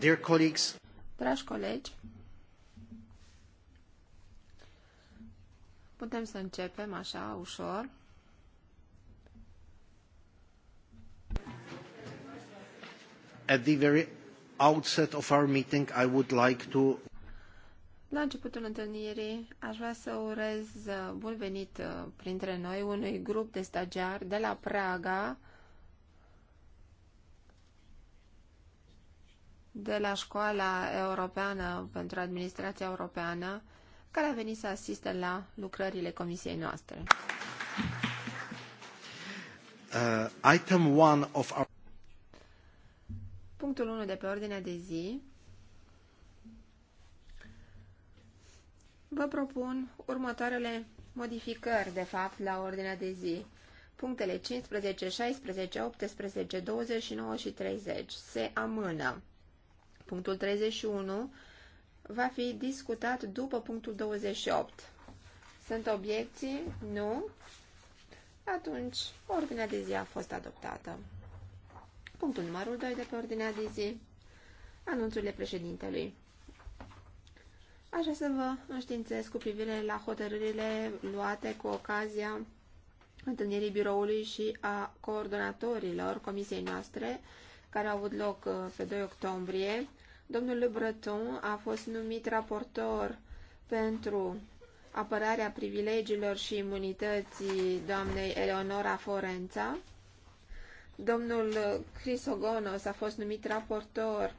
dear colleagues. Dragi colegi, putem să începem așa, ușor. At the very outset of our meeting, I would like to la începutul întâlnirii aș vrea să urez uh, bun venit uh, printre noi unui grup de stagiari de la Praga, de la Școala Europeană pentru Administrația Europeană, care a venit să asiste la lucrările comisiei noastre. Uh, item one of our... Punctul 1 de pe ordinea de zi Vă propun următoarele modificări, de fapt, la ordinea de zi. Punctele 15, 16, 18, 29 și 30 se amână. Punctul 31 va fi discutat după punctul 28. Sunt obiecții? Nu? Atunci, ordinea de zi a fost adoptată. Punctul numărul 2 de pe ordinea de zi. Anunțurile președintelui. Așa să vă înștiințez cu privire la hotărârile luate cu ocazia întâlnirii biroului și a coordonatorilor comisiei noastre care au avut loc uh, pe 2 octombrie, domnul Le Breton a fost numit raportor pentru apărarea privilegiilor și imunității doamnei Eleonora Forența. Domnul Ogonos a fost numit raportor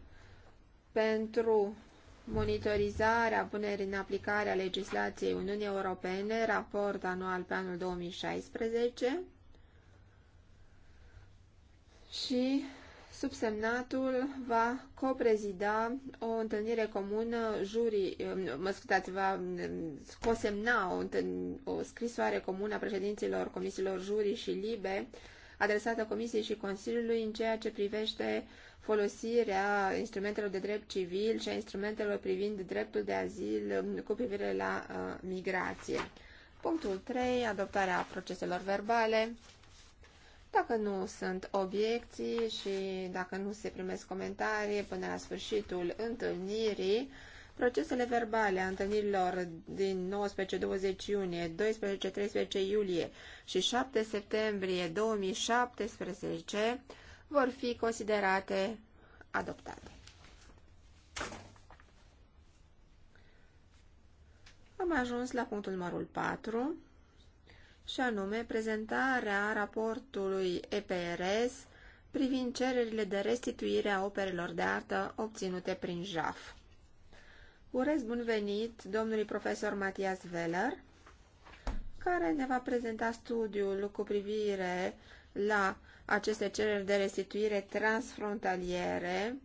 pentru monitorizarea punerii în aplicare a legislației Uniunii Europene, raport anual pe anul 2016 și subsemnatul va coprezida o întâlnire comună, juri. Um, mă scutați, va um, cosemna o, o scrisoare comună a președinților comisiilor juri și libe adresată Comisiei și Consiliului în ceea ce privește folosirea instrumentelor de drept civil și a instrumentelor privind dreptul de azil um, cu privire la uh, migrație. Punctul 3. Adoptarea proceselor verbale. Dacă nu sunt obiecții și dacă nu se primesc comentarii până la sfârșitul întâlnirii, procesele verbale a întâlnirilor din 19-20 iunie, 12-13 iulie și 7 septembrie 2017 vor fi considerate adoptate. Am ajuns la punctul numărul 4 și anume prezentarea raportului EPRS privind cererile de restituire a operelor de artă obținute prin JAF. Urez bun venit domnului profesor Matias Veller, care ne va prezenta studiul cu privire la aceste cereri de restituire transfrontaliere,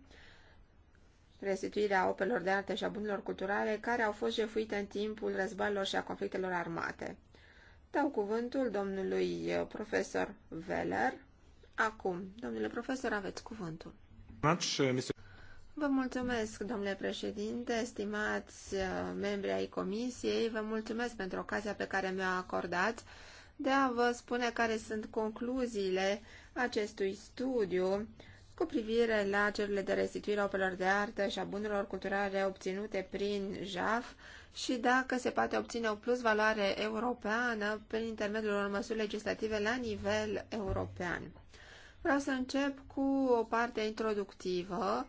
restituirea opelor de artă și a bunurilor culturale care au fost jefuite în timpul războaielor și a conflictelor armate. Dau cuvântul domnului eh, profesor Veller. Acum, domnule profesor, aveți cuvântul. Vă mulțumesc, domnule președinte, stimați eh, membri ai comisiei, vă mulțumesc pentru ocazia pe care mi a acordat de a vă spune care sunt concluziile acestui studiu cu privire la cerurile de restituire a opelor de artă și a bunurilor culturale obținute prin JAF și dacă se poate obține o plus valoare europeană prin intermediul unor măsuri legislative la nivel european. Vreau să încep cu o parte introductivă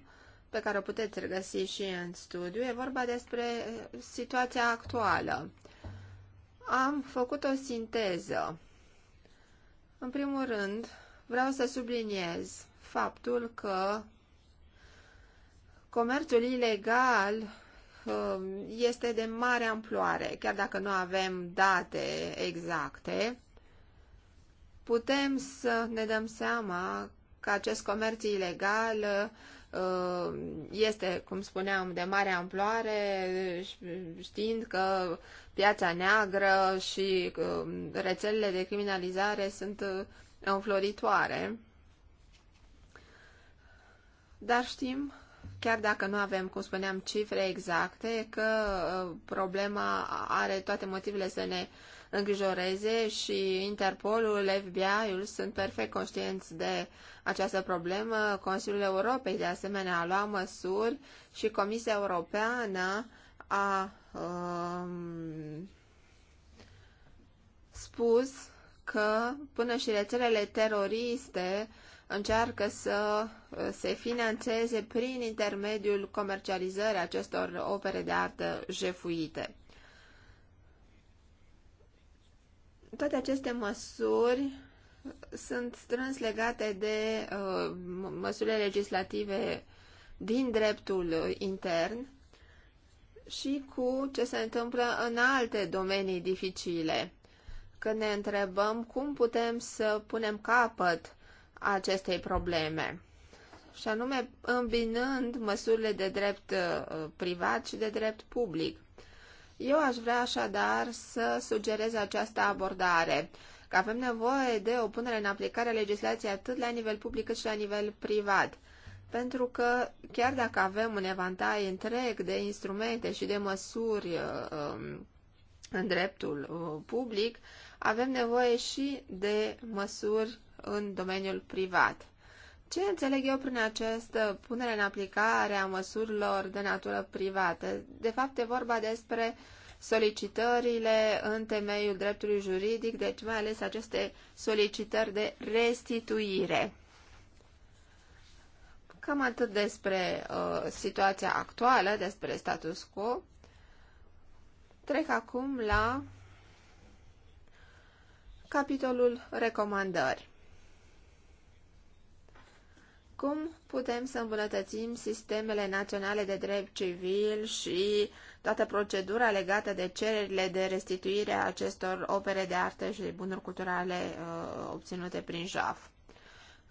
pe care o puteți regăsi și în studiu. E vorba despre eh, situația actuală. Am făcut o sinteză. În primul rând, vreau să subliniez faptul că comerțul ilegal este de mare amploare, chiar dacă nu avem date exacte, putem să ne dăm seama că acest comerț ilegal este, cum spuneam, de mare amploare, știind că piața neagră și rețelele de criminalizare sunt înfloritoare. Dar știm chiar dacă nu avem, cum spuneam, cifre exacte, că uh, problema are toate motivele să ne îngrijoreze și Interpolul, FBI-ul sunt perfect conștienți de această problemă. Consiliul Europei, de asemenea, a luat măsuri și Comisia Europeană a um, spus că până și rețelele teroriste uh, încearcă să uh, se financeze prin intermediul comercializării acestor opere de artă jefuite. Toate aceste măsuri sunt strâns legate de uh, măsurile legislative din dreptul intern și cu ce se întâmplă în alte domenii dificile. Când ne întrebăm cum putem să punem capăt acestei probleme, și anume îmbinând măsurile de drept uh, privat și de drept public. Eu aș vrea așadar să sugerez această abordare, că avem nevoie de o punere în aplicare a legislației atât la nivel public cât și la nivel privat, pentru că chiar dacă avem un evantai întreg de instrumente și de măsuri uh, um, în dreptul uh, public, avem nevoie și de măsuri în domeniul privat. Ce înțeleg eu prin această punere în aplicare a măsurilor de natură privată? De fapt, e vorba despre solicitările în temeiul dreptului juridic, deci mai ales aceste solicitări de restituire. Cam atât despre uh, situația actuală, despre status quo. Trec acum la capitolul recomandări. Cum putem să îmbunătățim sistemele naționale de drept civil și toată procedura legată de cererile de restituire a acestor opere de artă și de bunuri culturale uh, obținute prin JAF?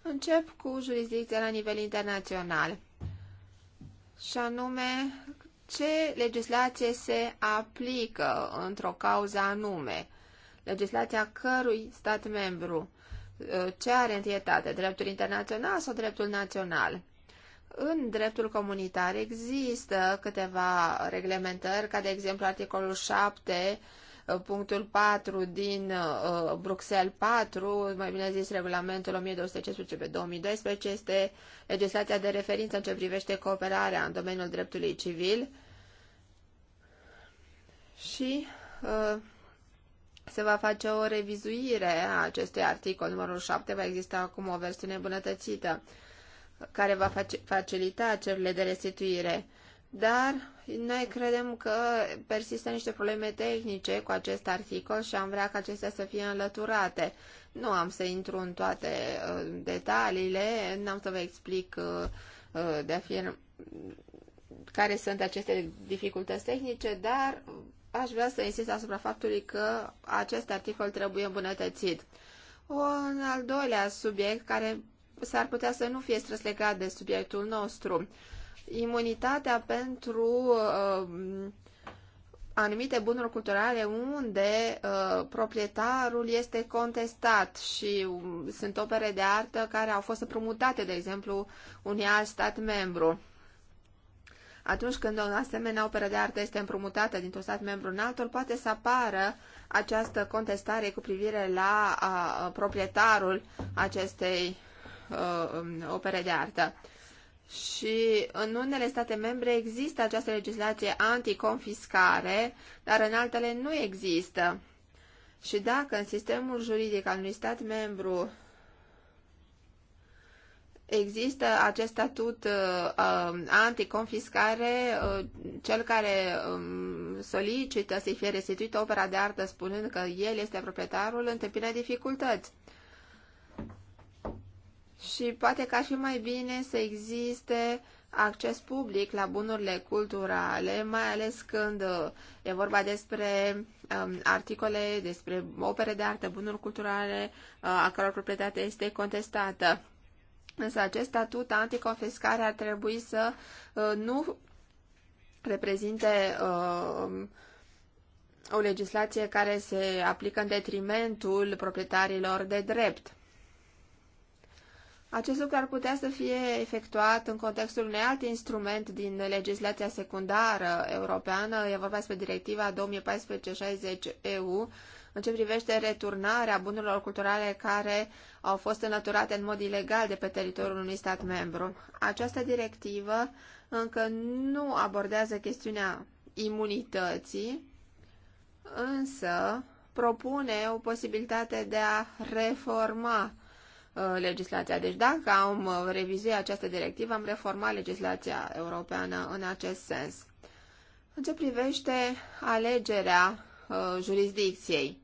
Încep cu jurisdicția la nivel internațional, și anume ce legislație se aplică într-o cauză anume, legislația cărui stat membru Uh, ce are întâietate, dreptul internațional sau dreptul național. În dreptul comunitar există câteva reglementări, ca de exemplu articolul 7, uh, punctul 4 din uh, Bruxelles 4, mai bine zis regulamentul 1215 pe 2012, este legislația de referință în ce privește cooperarea în domeniul dreptului civil. Și uh, se va face o revizuire a acestui articol numărul 7, va exista acum o versiune îmbunătățită care va facilita cererile de restituire. Dar noi credem că persistă niște probleme tehnice cu acest articol și am vrea ca acestea să fie înlăturate. Nu am să intru în toate uh, detaliile, n-am să vă explic uh, uh, de a fi care sunt aceste dificultăți tehnice, dar aș vrea să insist asupra faptului că acest articol trebuie îmbunătățit. Un al doilea subiect care s-ar putea să nu fie strâns legat de subiectul nostru. Imunitatea pentru uh, anumite bunuri culturale unde uh, proprietarul este contestat și um, sunt opere de artă care au fost împrumutate, de exemplu, unui alt stat membru. Atunci când o asemenea operă de artă este împrumutată dintr-un stat membru în altul, poate să apară această contestare cu privire la a, a, proprietarul acestei a, ă, opere de artă. Și în unele state membre există această legislație anticonfiscare, dar în altele nu există. Și dacă în sistemul juridic al unui stat membru Există acest statut uh, um, anticonfiscare, uh, cel care um, solicită să-i fie restituită opera de artă spunând că el este proprietarul, întâmpină dificultăți. Și poate că ar fi mai bine să existe acces public la bunurile culturale, mai ales când uh, e vorba despre um, articole, despre opere de artă, bunuri culturale, uh, a căror proprietate este contestată. Însă acest statut anticonfiscare ar trebui să uh, nu reprezinte uh, o legislație care se aplică în detrimentul proprietarilor de drept. Acest lucru ar putea să fie efectuat în contextul unui alt instrument din legislația secundară europeană, e vorba despre directiva 2014-60 EU în ce privește returnarea bunurilor culturale care au fost înlăturate în mod ilegal de pe teritoriul unui stat membru. Această directivă încă nu abordează chestiunea imunității, însă propune o posibilitate de a reforma uh, legislația. Deci dacă am uh, revizuit această directivă, am reformat legislația europeană în acest sens. În ce privește alegerea uh, jurisdicției,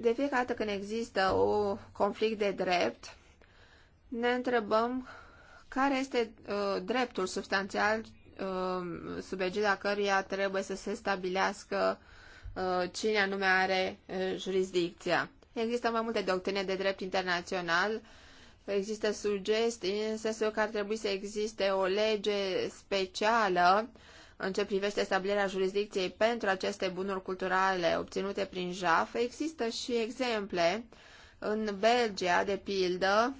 de fiecare dată când există o conflict de drept, ne întrebăm care este uh, dreptul substanțial uh, sub egida căruia trebuie să se stabilească uh, cine anume are uh, jurisdicția. Există mai multe doctrine de drept internațional, există sugestii în sensul că ar trebui să existe o lege specială uh, în ce privește stabilirea jurisdicției pentru aceste bunuri culturale obținute prin JAF, există și exemple în Belgia, de pildă,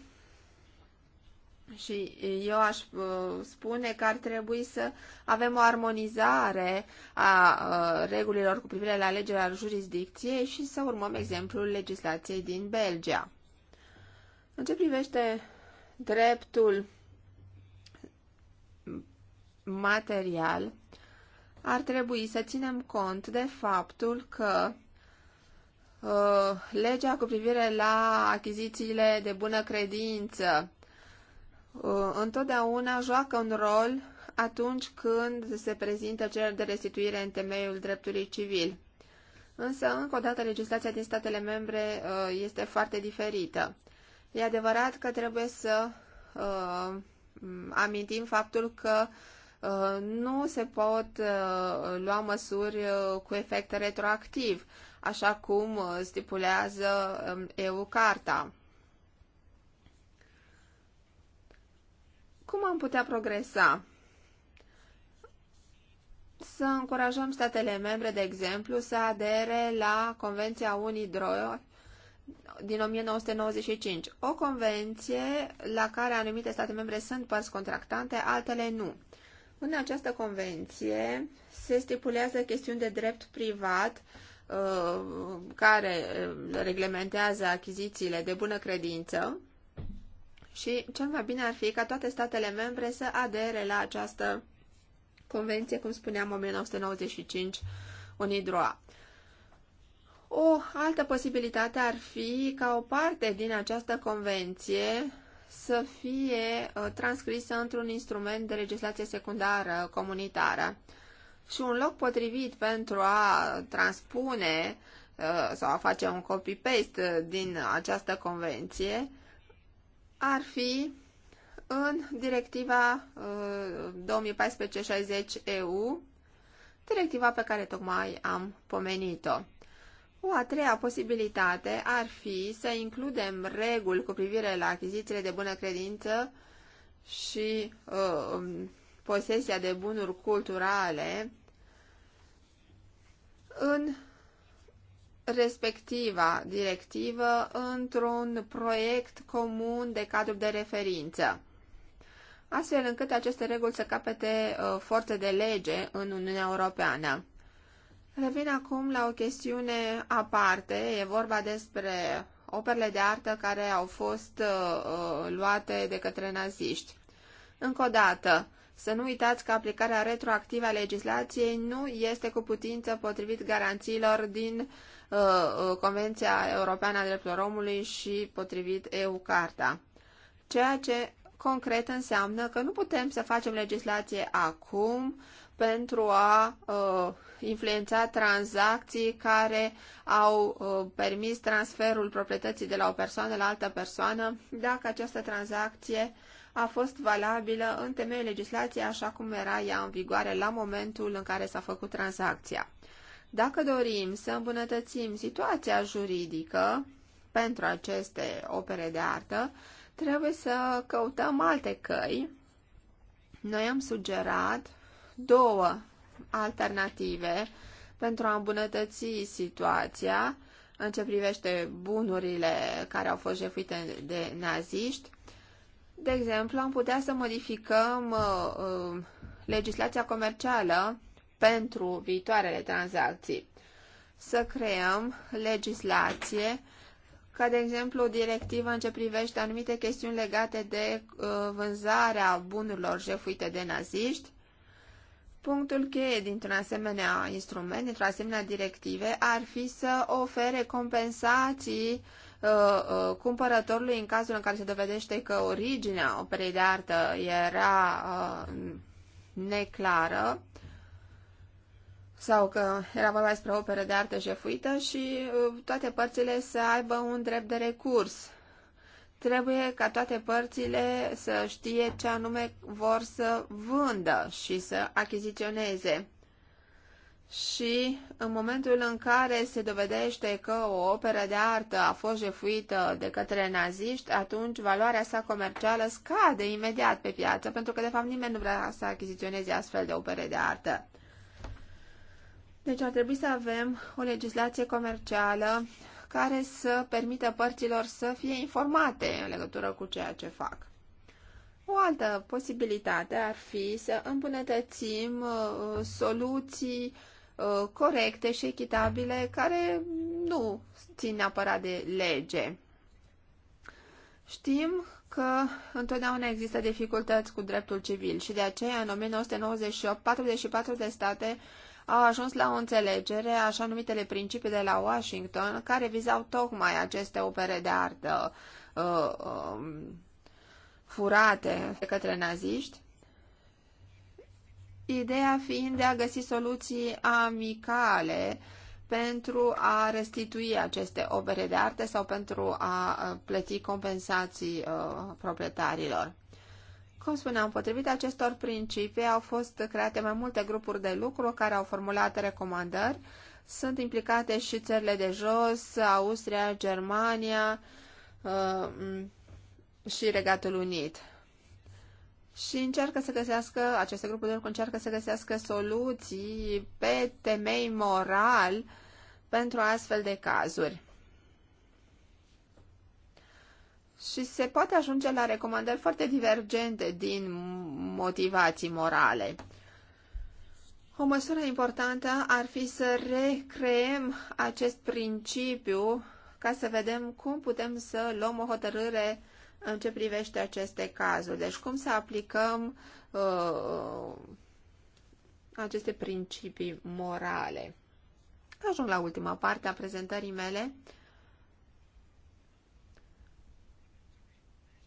și eu aș uh, spune că ar trebui să avem o armonizare a uh, regulilor cu privire la alegerea jurisdicției și să urmăm exemplul legislației din Belgia. În ce privește dreptul material, ar trebui să ținem cont de faptul că uh, legea cu privire la achizițiile de bună credință uh, întotdeauna joacă un rol atunci când se prezintă cereri de restituire în temeiul dreptului civil. Însă, încă o dată, legislația din statele membre uh, este foarte diferită. E adevărat că trebuie să uh, amintim faptul că uh, nu se pot uh, lua măsuri uh, cu efect retroactiv, așa cum uh, stipulează um, EU-carta. Cum am putea progresa? Să încurajăm statele membre, de exemplu, să adere la Convenția UNIDROI din 1995, o convenție la care anumite state membre sunt părți contractante, altele nu. În această convenție se stipulează chestiuni de drept privat uh, care uh, reglementează achizițiile de bună credință și cel mai bine ar fi ca toate statele membre să adere la această convenție, cum spuneam, 1995 UNIDROA. O altă posibilitate ar fi ca o parte din această convenție să fie uh, transcrisă într-un instrument de legislație secundară comunitară. Și un loc potrivit pentru a transpune uh, sau a face un copy-paste din această convenție ar fi în directiva 2014-60 uh, EU, directiva pe care tocmai am pomenit-o. O a treia posibilitate ar fi să includem reguli cu privire la achizițiile de bună credință și uh, um, posesia de bunuri culturale în respectiva directivă într-un proiect comun de cadru de referință, astfel încât aceste reguli să capete uh, forță de lege în Uniunea Europeană. Revin acum la o chestiune aparte. E vorba despre operele de artă care au fost uh, uh, luate de către naziști. Încă o dată, să nu uitați că aplicarea retroactivă a legislației nu este cu putință potrivit garanțiilor din uh, uh Convenția Europeană a Drepturilor Omului și potrivit EU-Carta. Ceea ce concret înseamnă că nu putem să facem legislație acum pentru a uh, influența tranzacții care au uh, permis transferul proprietății de la o persoană la altă persoană, dacă această tranzacție a fost valabilă în temeiul legislației așa cum era ea în vigoare la momentul în care s-a făcut tranzacția. Dacă dorim să îmbunătățim situația juridică pentru aceste opere de artă, trebuie să căutăm alte căi. Noi am sugerat două alternative pentru a îmbunătăți situația în ce privește bunurile care au fost jefuite de naziști. De exemplu, am putea să modificăm uh, uh legislația comercială pentru viitoarele tranzacții. Să creăm legislație ca de exemplu directiva în ce privește anumite chestiuni legate de uh, vânzarea bunurilor jefuite de naziști Punctul cheie dintr-un asemenea instrument, dintr-o asemenea directive, ar fi să ofere compensații uh, uh, cumpărătorului în cazul în care se dovedește că originea operei de artă era uh, neclară sau că era vorba despre o operă de artă jefuită și uh, toate părțile să aibă un drept de recurs Trebuie ca toate părțile să știe ce anume vor să vândă și să achiziționeze. Și în momentul în care se dovedește că o operă de artă a fost jefuită de către naziști, atunci valoarea sa comercială scade imediat pe piață, pentru că de fapt nimeni nu vrea să achiziționeze astfel de opere de artă. Deci ar trebui să avem o legislație comercială care să permită părților să fie informate în legătură cu ceea ce fac. O altă posibilitate ar fi să îmbunătățim uh, soluții uh, corecte și echitabile care nu țin neapărat de lege. Știm că întotdeauna există dificultăți cu dreptul civil și de aceea în 1998 44 de state a ajuns la o înțelegere, așa numitele principii de la Washington, care vizau tocmai aceste opere de artă uh, uh, furate de către naziști, ideea fiind de a găsi soluții amicale pentru a restitui aceste opere de artă sau pentru a uh, plăti compensații uh, proprietarilor. Cum spuneam, potrivit acestor principii au fost create mai multe grupuri de lucru care au formulat recomandări. Sunt implicate și țările de jos, Austria, Germania uh, și Regatul Unit. Și încearcă să găsească, aceste grupuri de lucru încearcă să găsească soluții pe temei moral pentru astfel de cazuri. și se poate ajunge la recomandări foarte divergente din motivații morale. O măsură importantă ar fi să recreem acest principiu ca să vedem cum putem să luăm o hotărâre în ce privește aceste cazuri. Deci cum să aplicăm uh, aceste principii morale. Ajung la ultima parte a prezentării mele.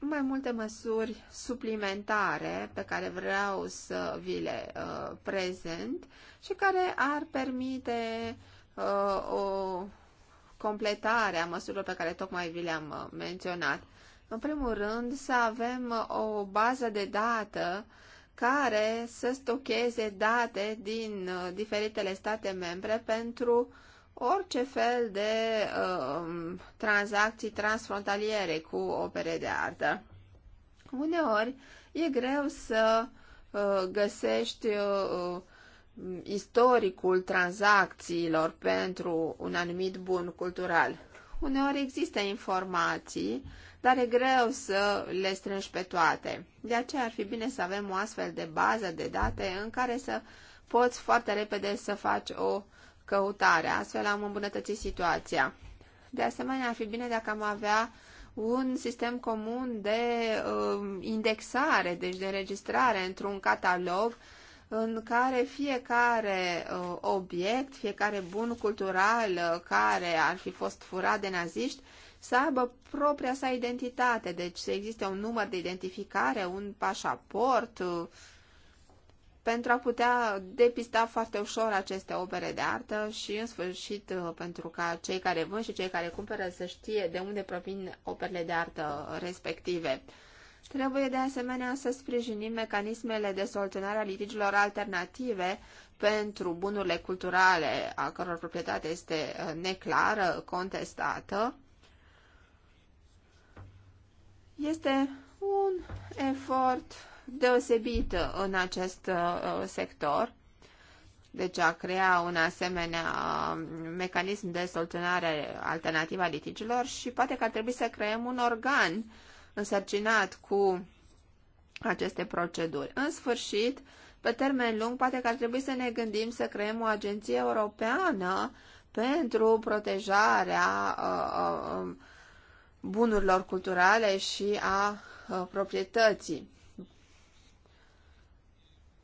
mai multe măsuri suplimentare pe care vreau să vi le uh, prezent și care ar permite uh, o completare a măsurilor pe care tocmai vi le-am uh, menționat. În primul rând, să avem uh, o bază de dată care să stocheze date din uh, diferitele state membre pentru uh, orice fel de uh, tranzacții transfrontaliere cu opere de artă. Uneori e greu să uh, găsești uh, uh, istoricul tranzacțiilor pentru un anumit bun cultural. Uneori există informații, dar e greu să le strângi pe toate. De aceea ar fi bine să avem o astfel de bază de date în care să poți foarte repede să faci o căutare. Astfel am îmbunătățit situația. De asemenea, ar fi bine dacă am avea un sistem comun de uh, indexare, deci de înregistrare într-un catalog în care fiecare uh, obiect, fiecare bun cultural uh, care ar fi fost furat de naziști să aibă propria sa identitate, deci să existe un număr de identificare, un pașaport, uh, pentru a putea depista foarte ușor aceste opere de artă și, în sfârșit, uh, pentru ca cei care vând și cei care cumpără să știe de unde provin operele de artă respective. Trebuie de asemenea să sprijinim mecanismele de soluționare a litigiilor alternative pentru bunurile culturale a căror proprietate este uh, neclară, contestată. Este un efort deosebit în acest uh, sector. Deci a crea un asemenea uh, mecanism de soluționare alternativă a litigilor și poate că ar trebui să creăm un organ însărcinat cu aceste proceduri. În sfârșit, pe termen lung, poate că ar trebui să ne gândim să creăm o agenție europeană pentru protejarea uh, um, bunurilor culturale și a proprietății.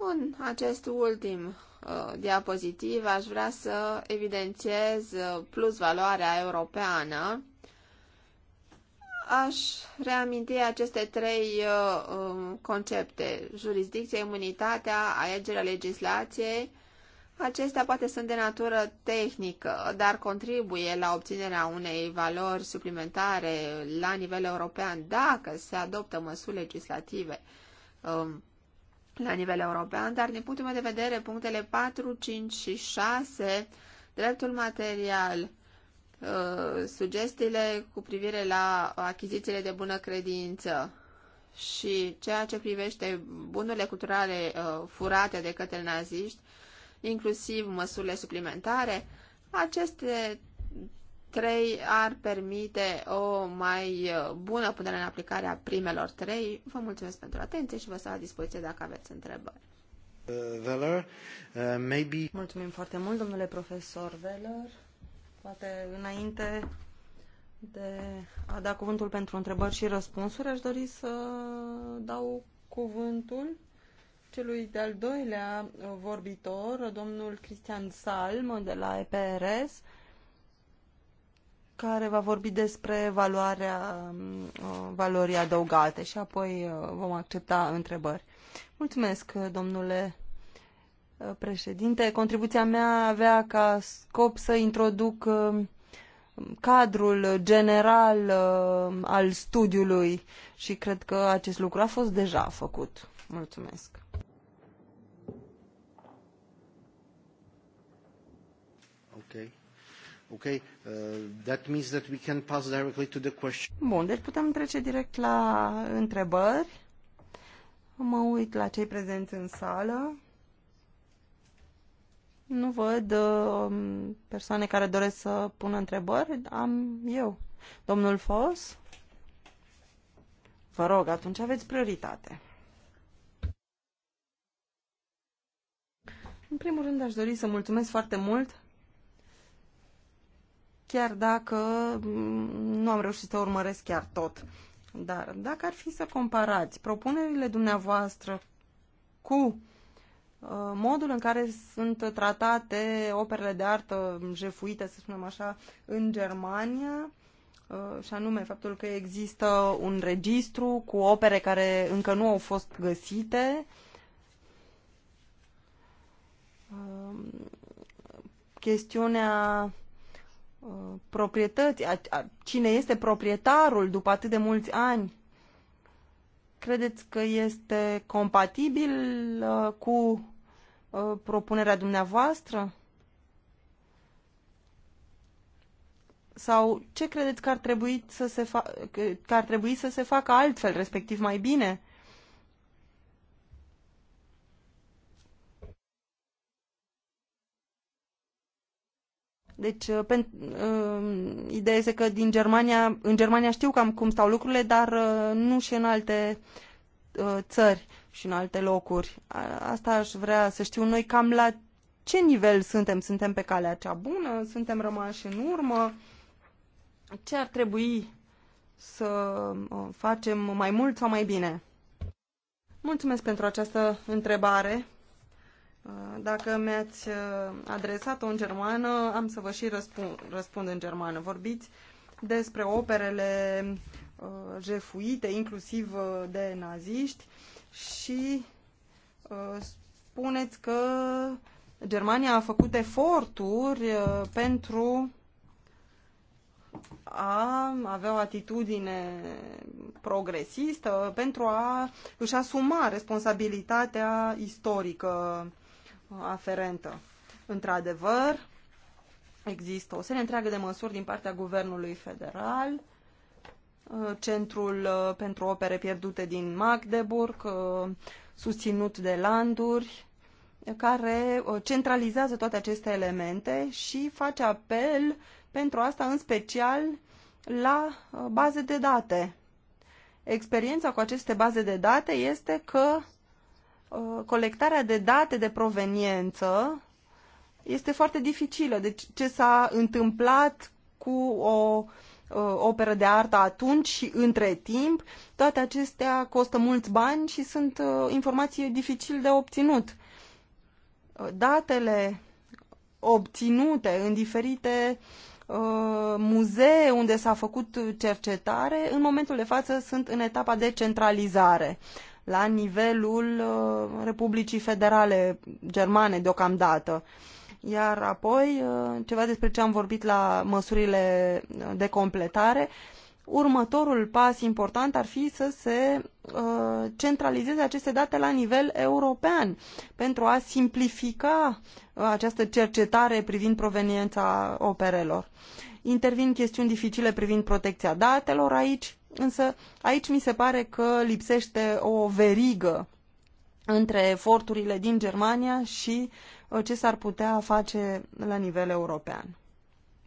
În acest ultim uh, diapozitiv aș vrea să evidențiez uh, plus valoarea europeană. Aș reaminti aceste trei uh, um, concepte, Jurisdicție, imunitatea, alegerea legislației. Acestea poate sunt de natură tehnică, dar contribuie la obținerea unei valori suplimentare la nivel european dacă se adoptă măsuri legislative Uh, la nivel european, dar din punctul meu de vedere, punctele 4, 5 și 6, dreptul material, uh, sugestiile cu privire la achizițiile de bună credință și ceea ce privește bunurile culturale uh, furate de către naziști, inclusiv măsurile suplimentare, aceste 3 ar permite o mai uh, bună punere în aplicare a primelor 3. Vă mulțumesc pentru atenție și vă stau la dispoziție dacă aveți întrebări. Uh, Veller, uh, maybe... Mulțumim foarte mult, domnule profesor Veller. Poate înainte de a da cuvântul pentru întrebări și răspunsuri, aș dori să dau cuvântul celui de-al doilea vorbitor, domnul Cristian Salm de la EPRS, care va vorbi despre valoarea, uh, valorii adăugate și apoi uh, vom accepta întrebări. Mulțumesc, domnule uh, președinte. Contribuția mea avea ca scop să introduc cadrul general al studiului și cred că acest lucru a fost deja făcut. Mulțumesc. Okay? Uh, that means that we can pass directly to the question. Bun, deci putem trece direct la întrebări. Mă uit la cei prezenți în sală. Nu văd uh, persoane care doresc să pună întrebări. Am eu. Domnul Fos? Vă rog, atunci aveți prioritate. În primul rând aș dori să mulțumesc foarte mult chiar dacă mm, nu am reușit să urmăresc chiar tot. Dar dacă ar fi să comparați propunerile dumneavoastră cu uh, modul în care sunt tratate operele de artă jefuite, să spunem așa, în Germania, uh, și anume faptul că există un registru cu opere care încă nu au fost găsite, uh, chestiunea proprietăți, a, a, cine este proprietarul după atât de mulți ani, credeți că este compatibil uh, cu uh, propunerea dumneavoastră? Sau ce credeți că ar trebui să se, fa- că ar trebui să se facă altfel, respectiv mai bine? Deci, uh, pen, uh, ideea este că din Germania, în Germania știu cam cum stau lucrurile, dar uh, nu și în alte uh, țări și în alte locuri. A, asta aș vrea să știu noi cam la ce nivel suntem. Suntem pe calea cea bună? Suntem rămași în urmă? Ce ar trebui să uh, facem mai mult sau mai bine? Mulțumesc pentru această întrebare. Uh, dacă mi-ați uh, adresat-o în germană, am să vă și răspund, răspund în germană. Vorbiți despre operele uh, jefuite, inclusiv uh, de naziști, și uh, spuneți că Germania a făcut eforturi uh, pentru a avea o atitudine progresistă pentru a își asuma responsabilitatea istorică aferentă. Într-adevăr, există o serie întreagă de măsuri din partea Guvernului Federal, uh, Centrul uh, pentru Opere Pierdute din Magdeburg, uh, susținut de landuri, care centralizează toate aceste elemente și face apel pentru asta în special la baze de date. Experiența cu aceste baze de date este că Uh, colectarea de date de proveniență este foarte dificilă. Deci ce s-a întâmplat cu o uh, operă de artă atunci și între timp, toate acestea costă mulți bani și sunt uh, informații dificil de obținut. Datele obținute în diferite muzee unde s-a făcut cercetare, în momentul de față sunt în etapa de centralizare la nivelul uh, Republicii Federale Germane deocamdată. Iar apoi, uh, ceva despre ce am vorbit la măsurile de completare, următorul pas important ar fi să se uh, centralizeze aceste date la nivel european pentru a simplifica această cercetare privind proveniența operelor. Intervin chestiuni dificile privind protecția datelor aici, Însă aici mi se pare că lipsește o verigă între eforturile din Germania și uh, ce s-ar putea face la nivel european.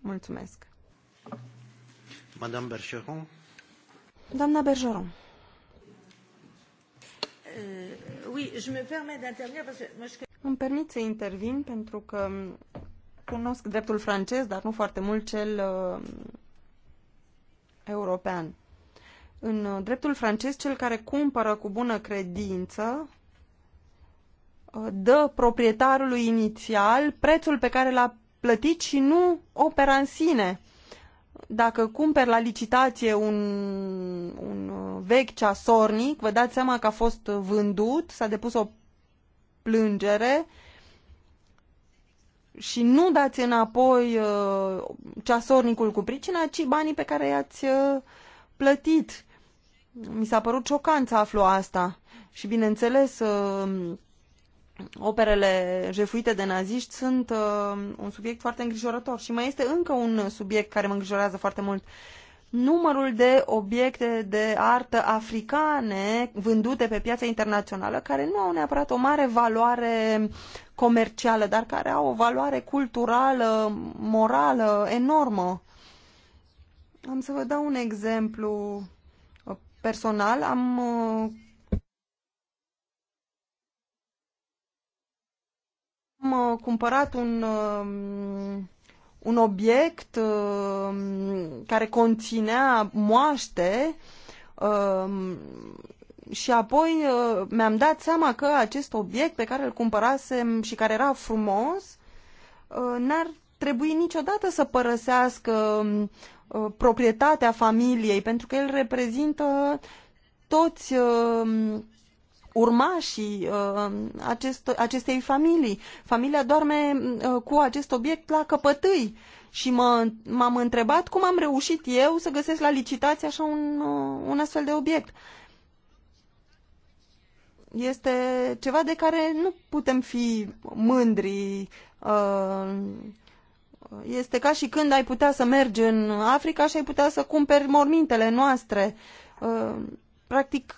Mulțumesc. Madame Bergeron. Doamna Bergeron. Uh, Îmi permit să intervin pentru că cunosc dreptul francez, dar nu foarte mult cel uh, european. În dreptul francez, cel care cumpără cu bună credință uh, dă proprietarului inițial prețul pe care l-a plătit și nu opera în sine. Dacă cumperi la licitație un, un uh, vechi ceasornic, vă dați seama că a fost vândut, s-a depus o plângere și nu dați înapoi uh, ceasornicul cu pricina, ci banii pe care i-ați plătit mi s-a părut șocant să aflu asta. Și bineînțeles, uh, operele jefuite de naziști sunt uh, un subiect foarte îngrijorător. Și mai este încă un subiect care mă îngrijorează foarte mult. Numărul de obiecte de artă africane vândute pe piața internațională, care nu au neapărat o mare valoare comercială, dar care au o valoare culturală, morală enormă. Am să vă dau un exemplu personal am uh, am uh, cumpărat un, um, un obiect um, care conținea moaște um, și apoi uh, mi-am dat seama că acest obiect pe care îl cumpărasem și care era frumos n-ar trebui niciodată să părăsească Uh, proprietatea familiei, pentru că el reprezintă toți uh, urmașii uh, acest, acestei familii. Familia doarme cu acest obiect la căpătâi și m-am întrebat cum am reușit eu să găsesc la licitație așa un, un astfel de obiect. Este ceva de care nu putem fi mândri. Uh, este ca și când ai putea să mergi în Africa și ai putea să cumperi mormintele noastre. Uh, practic,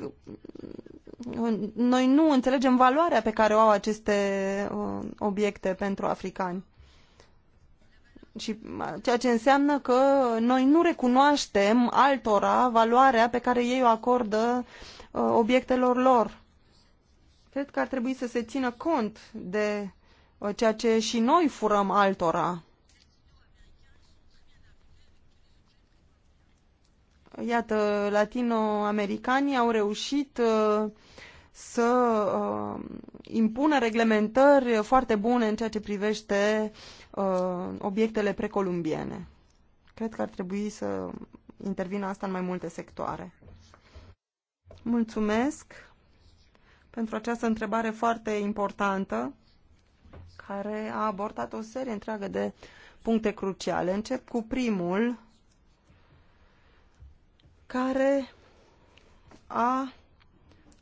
uh, noi nu înțelegem valoarea pe care o au aceste uh, obiecte pentru africani. Și ceea ce înseamnă că noi nu recunoaștem altora valoarea pe care ei o acordă obiectelor lor. Cred că ar trebui să se țină cont de ceea ce și noi furăm altora. iată, latinoamericanii au reușit uh, să uh, impună reglementări foarte bune în ceea ce privește uh, obiectele precolumbiene. Cred că ar trebui să intervină asta în mai multe sectoare. Mulțumesc pentru această întrebare foarte importantă care a abordat o serie întreagă de puncte cruciale. Încep cu primul, care a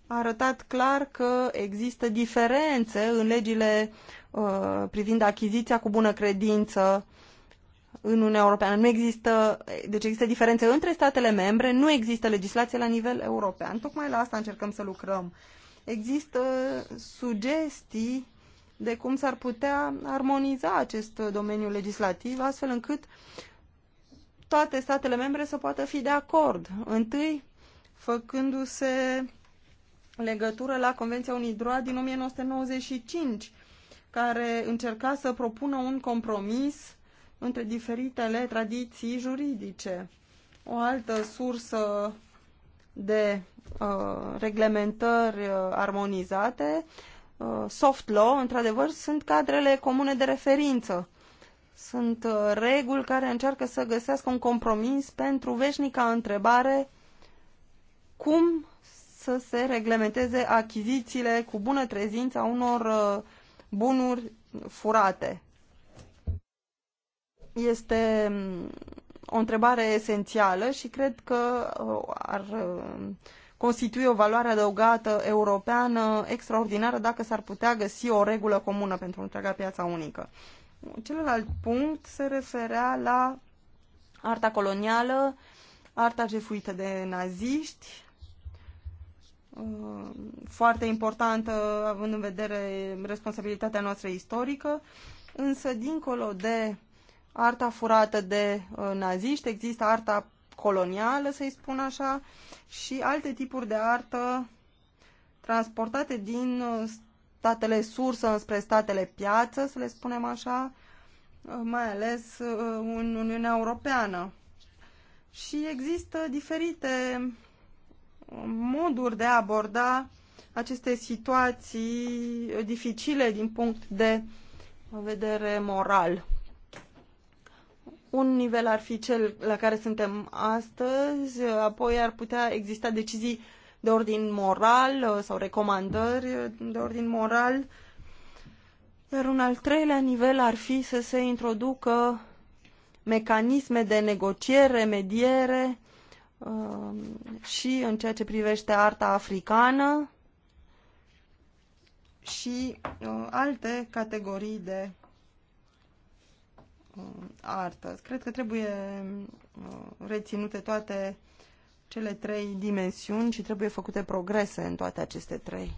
arătat clar că există diferențe în legile uh, privind achiziția cu bună credință în Uniunea Europeană. Nu există, deci există diferențe între statele membre, nu există legislație la nivel european. Tocmai la asta încercăm să lucrăm. Există sugestii de cum s-ar putea armoniza acest domeniu legislativ, astfel încât toate statele membre să poată fi de acord. Întâi, făcându-se legătură la Convenția UNIDROA din 1995, care încerca să propună un compromis între diferitele tradiții juridice. O altă sursă de uh, reglementări uh, armonizate, uh, soft law, într-adevăr, sunt cadrele comune de referință. Sunt uh, reguli care încearcă să găsească un compromis pentru veșnica întrebare cum să se reglementeze achizițiile cu bună trezință a unor uh, bunuri furate. Este mm, o întrebare esențială și cred că uh, ar constitui o valoare adăugată europeană extraordinară dacă s-ar putea găsi o regulă comună pentru întreaga piața unică. Celălalt punct se referea la arta colonială, arta jefuită de naziști, uh, foarte importantă având în vedere responsabilitatea noastră istorică, însă dincolo de arta furată de uh, naziști există arta colonială, să-i spun așa, și alte tipuri de artă transportate din uh, statele sursă spre statele piață, să le spunem așa, uh, mai ales uh, în Uniunea Europeană. Și există diferite uh, moduri de a aborda aceste situații dificile din punct de vedere moral. Un nivel ar fi cel la care suntem astăzi, apoi ar putea exista decizii de ordin moral uh, sau recomandări uh, de ordin moral. Iar un al treilea nivel ar fi să se introducă mecanisme de negociere, mediere uh, și în ceea ce privește arta africană și alte categorii de artă. Cred că trebuie reținute toate cele trei dimensiuni și trebuie făcute progrese în toate aceste trei.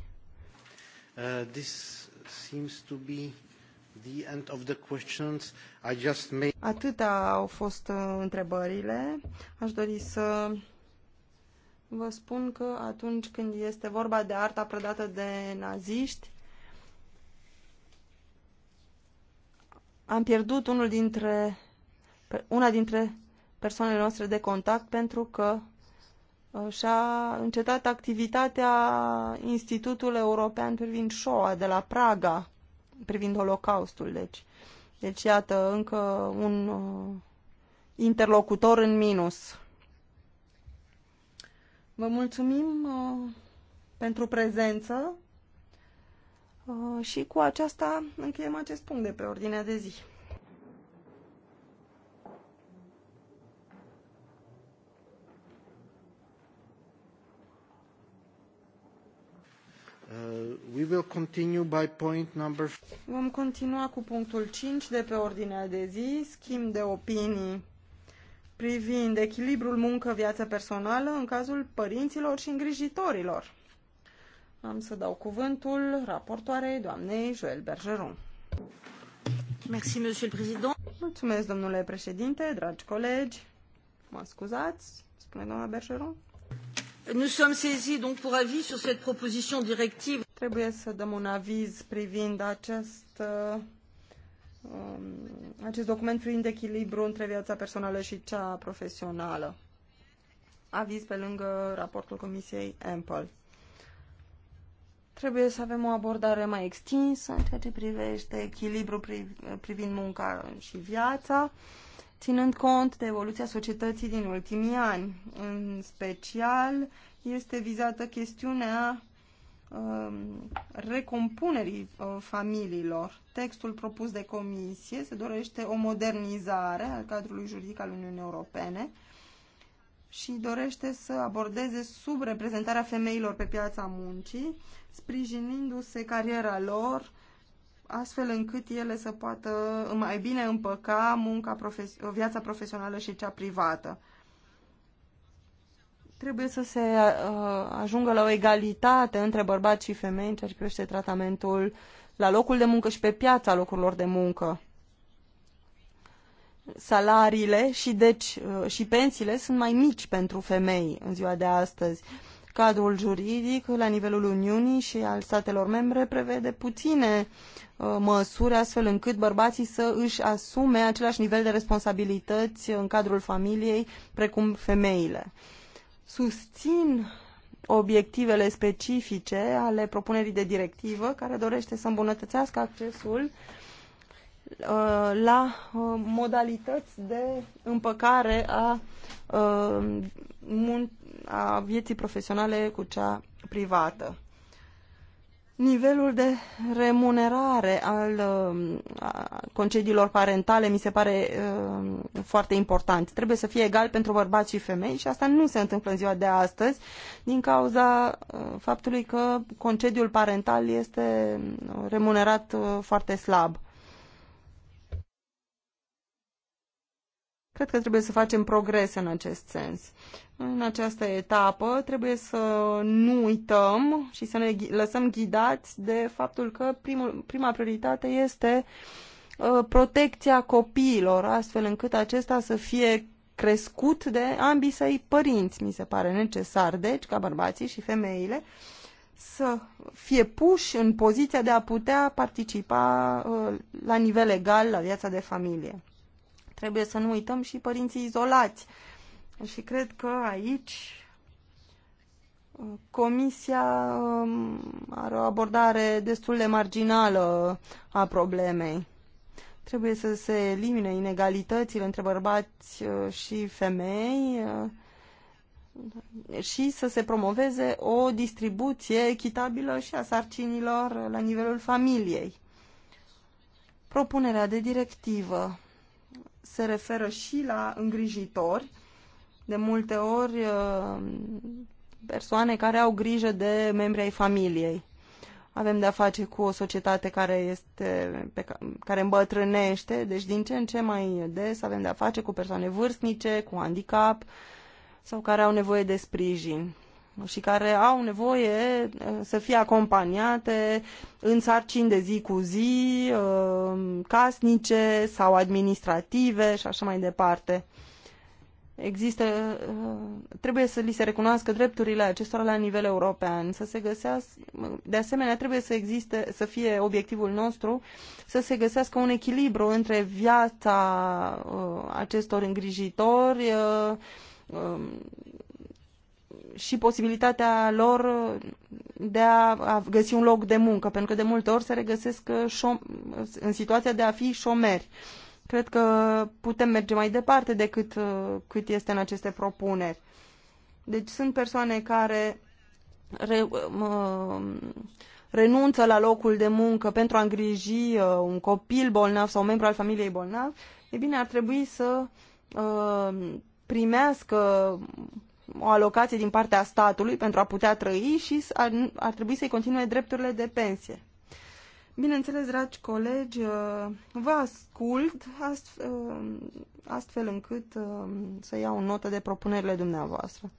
Uh, this seems to be the end of the questions. I just made... Atâta au fost uh, întrebările. Aș dori să vă spun că atunci când este vorba de arta prădată de naziști, am pierdut unul dintre, una dintre persoanele noastre de contact pentru că și-a încetat activitatea Institutul European privind Shoah de la Praga, privind Holocaustul, deci. Deci, iată, încă un uh, interlocutor în minus. Vă mulțumim uh, pentru prezență uh, și cu aceasta încheiem acest punct de pe ordinea de zi. Uh, we will continue by point number... Vom continua cu punctul 5 de pe ordinea de zi, schimb de opinii privind echilibrul muncă-viață personală în cazul părinților și îngrijitorilor. Am să dau cuvântul raportoarei doamnei Joel Bergeron. Merci, monsieur le président. Mulțumesc, domnule președinte, dragi colegi. Mă scuzați, spune doamna Bergeron. Nous sommes saisis donc pour avis sur cette proposition directive. Trebuie să dăm un aviz privind acest, uh, um, acest document privind echilibru între viața personală și cea profesională. Aviz pe lângă raportul Comisiei Ample. Trebuie să avem o abordare mai extinsă în ceea ce privește echilibru privind munca și viața. Uh, ținând cont de evoluția societății din ultimii ani. În special este vizată chestiunea um, recompunerii uh, familiilor. Textul propus de comisie se dorește o modernizare al cadrului juridic al Uniunii Europene și dorește să abordeze subreprezentarea femeilor pe piața muncii, sprijinindu-se cariera lor astfel încât ele să poată mai bine împăca munca profes viața profesională și cea privată. Trebuie să se uh, ajungă la o egalitate între bărbați și femei în ceea ce privește tratamentul la locul de muncă și pe piața locurilor de muncă. Salariile și, deci, uh, și pensiile sunt mai mici pentru femei în ziua de astăzi. Uh, Cadrul juridic la nivelul Uniunii și al statelor membre prevede puține uh, măsuri astfel încât bărbații să își asume același nivel de responsabilități în cadrul familiei precum femeile. Susțin obiectivele specifice ale propunerii de directivă care dorește să îmbunătățească accesul uh, la uh, modalități de împăcare a Uh, a vieții profesionale cu cea privată. Nivelul de remunerare al uh, concediilor parentale mi se pare uh, foarte important. Trebuie să fie egal pentru bărbați și femei și asta nu se întâmplă în ziua de astăzi din cauza faptului că concediul parental este remunerat foarte slab. Cred că trebuie să facem progrese în acest sens. În această etapă trebuie să nu uităm și să ne lăsăm ghidați de faptul că primul, prima prioritate este ă, protecția copiilor, astfel încât acesta să fie crescut de ambii săi părinți. Mi se pare necesar, deci, ca bărbații și femeile, să fie puși în poziția de a putea participa ă, la nivel egal la viața de familie. Trebuie să nu uităm și părinții izolați. Și cred că aici uh, Comisia um, are o abordare destul de marginală a problemei. Trebuie să se elimine inegalitățile între bărbați uh, și femei uh, și să se promoveze o distribuție echitabilă și a sarcinilor la nivelul familiei. Propunerea de directivă se referă și la îngrijitori, de multe ori uh, persoane care au grijă de membri ai familiei. Avem de-a face cu o societate care, este, pe, care îmbătrânește, deci din ce în ce mai des avem de-a face cu persoane vârstnice, cu handicap sau care au nevoie de sprijin și care au nevoie uh, să fie acompaniate în sarcini de zi cu zi, uh, casnice sau administrative și așa mai departe. Există, uh, trebuie să li se recunoască drepturile acestora la nivel european, să se găsească, de asemenea trebuie să existe, să fie obiectivul nostru, să se găsească un echilibru între viața acestor îngrijitori, um, și posibilitatea lor de a găsi un loc de muncă, pentru că de multe ori se regăsesc uh, în situația de a fi șomeri. Cred că putem merge mai departe decât uh, cât este în aceste propuneri. Deci sunt persoane care re, mă, uh, renunță la locul de muncă pentru a îngriji un copil bolnav sau un membru al familiei bolnav, e bine, ar trebui să uh, primească o alocație din partea statului pentru a putea trăi și ar, ar trebui să-i continue drepturile de pensie. Bineînțeles, dragi colegi, uh, vă ascult uh, astfel încât uh, să iau notă de propunerile dumneavoastră.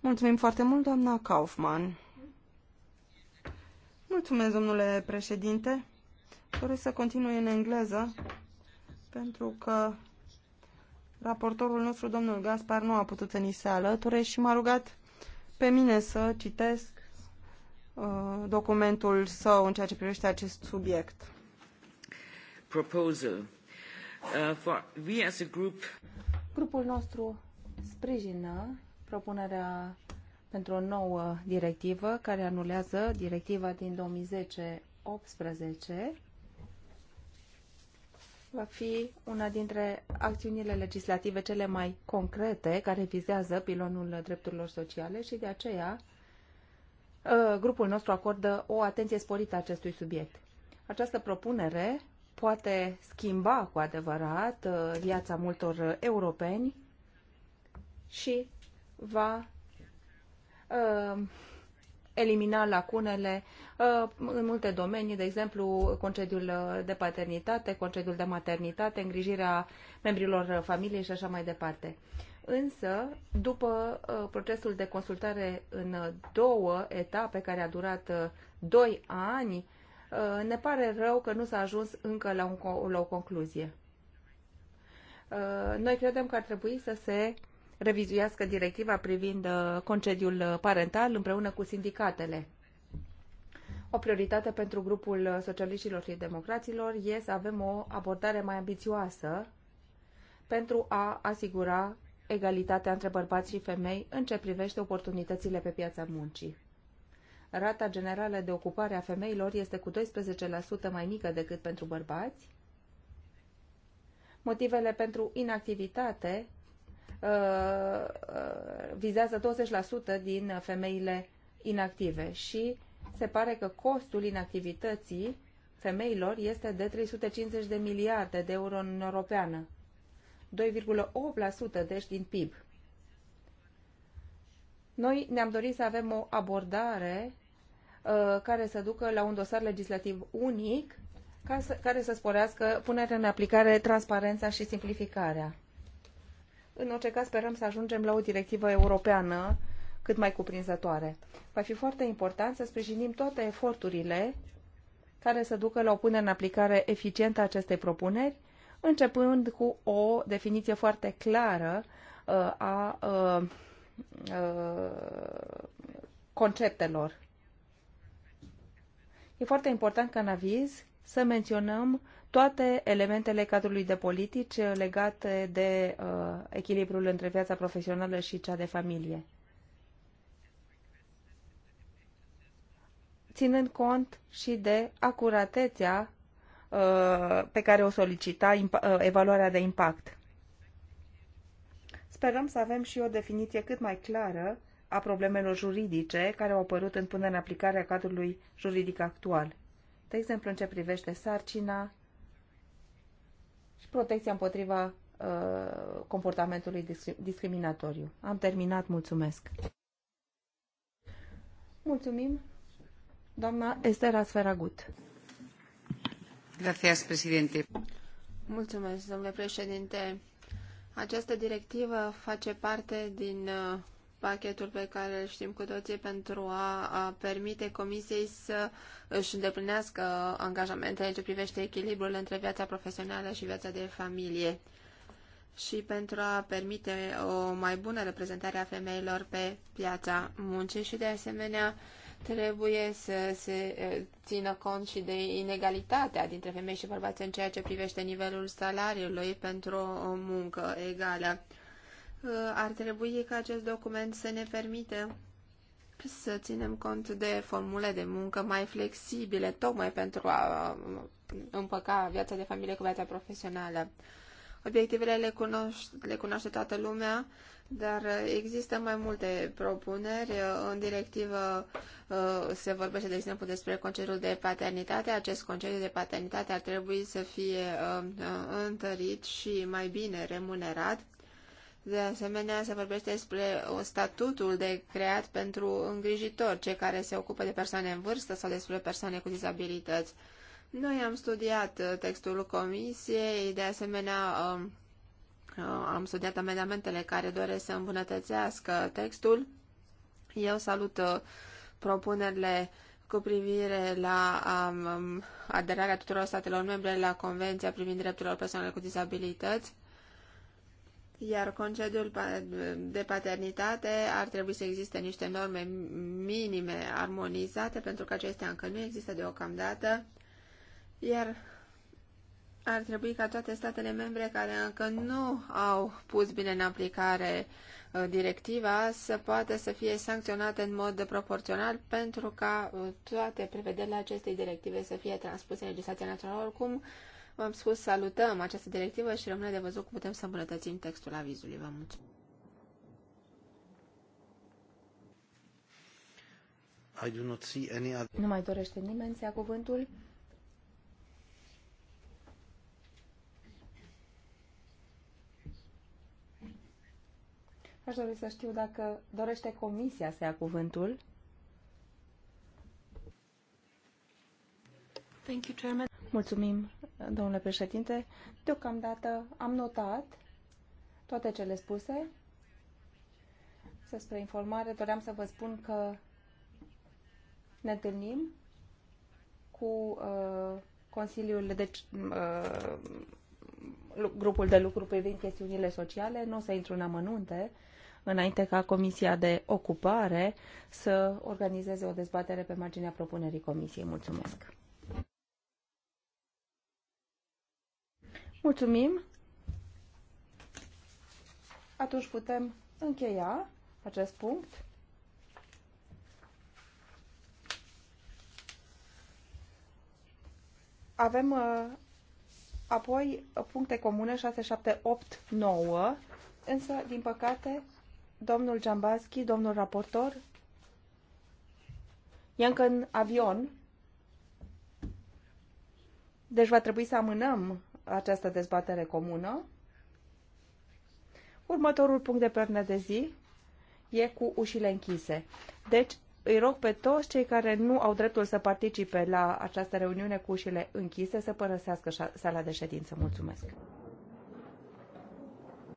Mulțumim foarte mult, doamna Kaufman. Mulțumesc, domnule președinte. Doresc să continui în engleză, pentru că raportorul nostru, domnul Gaspar, nu a putut să ni se alăture și m-a rugat pe mine să citesc uh, documentul său în ceea ce privește acest subiect. Proposal. Uh, for we as a group... Grupul nostru sprijină propunerea pentru o nouă directivă care anulează directiva din 2010-18 va fi una dintre acțiunile legislative cele mai concrete care vizează pilonul drepturilor sociale și de aceea ă, grupul nostru acordă o atenție sporită acestui subiect. Această propunere poate schimba cu adevărat ă, viața multor europeni și va ă, elimina lacunele Uh, în multe domenii, de exemplu concediul uh, de paternitate, concediul de maternitate, îngrijirea membrilor familiei și așa mai departe. Însă, după uh, procesul de consultare în două etape, care a durat doi ani, ne pare rău că nu s-a ajuns încă la, un, la o concluzie. Noi credem că ar trebui să se revizuiască directiva privind concediul parental împreună cu sindicatele. O prioritate pentru grupul socialiștilor și democraților e să avem o abordare mai ambițioasă pentru a asigura egalitatea între bărbați și femei în ce privește oportunitățile pe piața muncii. Rata generală de ocupare a femeilor este cu 12% mai mică decât pentru bărbați. Motivele pentru inactivitate uh, uh, vizează 20% din femeile inactive și se pare că costul inactivității femeilor este de 350 de miliarde de euro în Europeană, 2,8% deci din PIB. Noi ne-am dorit să avem o abordare uh, care să ducă la un dosar legislativ unic ca să, care să sporească punerea în aplicare, transparența și simplificarea. În orice caz, sperăm să ajungem la o directivă europeană cât mai cuprinzătoare. Va fi foarte important să sprijinim toate eforturile care să ducă la o punere în aplicare eficientă a acestei propuneri, începând cu o definiție foarte clară uh, a uh, uh, conceptelor. E foarte important ca în aviz să menționăm toate elementele cadrului de politici legate de uh, echilibrul între viața profesională și cea de familie. ținând cont și de acuratețea uh, pe care o solicita uh, evaluarea de impact. Sperăm să avem și o definiție cât mai clară a problemelor juridice care au apărut în punerea în aplicare a cadrului juridic actual. De exemplu, în ce privește sarcina și protecția împotriva uh, comportamentului discriminatoriu. Am terminat, mulțumesc! Mulțumim! Doamna Estera Sferagut. Gracias, președinte. Mulțumesc, domnule președinte. Această directivă face parte din uh, pachetul pe care îl știm cu toții pentru a, permite Comisiei să își îndeplinească angajamentele ce privește echilibrul între viața profesională și viața de familie și pentru a permite o mai bună reprezentare a femeilor pe piața muncii și, de asemenea, Trebuie să se țină cont și de inegalitatea dintre femei și bărbați în ceea ce privește nivelul salariului pentru o muncă egală. Ar trebui ca acest document să ne permită să ținem cont de formule de muncă mai flexibile, tocmai pentru a împăca viața de familie cu viața profesională. Obiectivele le cunoaște, le cunoaște toată lumea, dar există mai multe propuneri. În directivă uh, se vorbește, de exemplu, despre concediul de paternitate. Acest concediu de paternitate ar trebui să fie uh, uh, întărit și mai bine remunerat. De asemenea, se vorbește despre statutul de creat pentru îngrijitori, cei care se ocupă de persoane în vârstă sau despre persoane cu dizabilități. Noi am studiat uh, textul comisiei, de asemenea um, uh, am studiat amendamentele care doresc să îmbunătățească textul. Eu salut uh, propunerile cu privire la um, um, aderarea tuturor statelor membre la Convenția privind drepturile persoanelor cu dizabilități, iar concediul de paternitate ar trebui să existe niște norme minime armonizate, pentru că acestea încă nu există deocamdată iar ar trebui ca toate statele membre care încă nu au pus bine în aplicare uh, directiva să poată să fie sancționate în mod proporțional pentru ca uh, toate prevederile acestei directive să fie transpuse în legislația națională. Oricum, v-am spus, salutăm această directivă și rămâne de văzut cum putem să îmbunătățim textul avizului. Vă mulțumesc! I do not see any other... Nu mai dorește nimeni să ia cuvântul? Aș dori să știu dacă dorește comisia să ia cuvântul. Thank you, Chairman. Mulțumim, domnule președinte. Deocamdată am notat toate cele spuse. Să spre informare, doream să vă spun că ne întâlnim cu uh, Consiliul, deci uh, grupul de lucru privind chestiunile sociale. Nu o să intru în amănunte, înainte ca Comisia de Ocupare să organizeze o dezbatere pe marginea propunerii Comisiei. Mulțumesc! Mulțumim! Atunci putem încheia acest punct. Avem uh, apoi puncte comune 6, 7, 8, 9, însă, din păcate, Domnul Jambaschi, domnul raportor, e încă în avion, deci va trebui să amânăm această dezbatere comună. Următorul punct de pernă de zi e cu ușile închise. Deci îi rog pe toți cei care nu au dreptul să participe la această reuniune cu ușile închise să părăsească sala de ședință. Mulțumesc!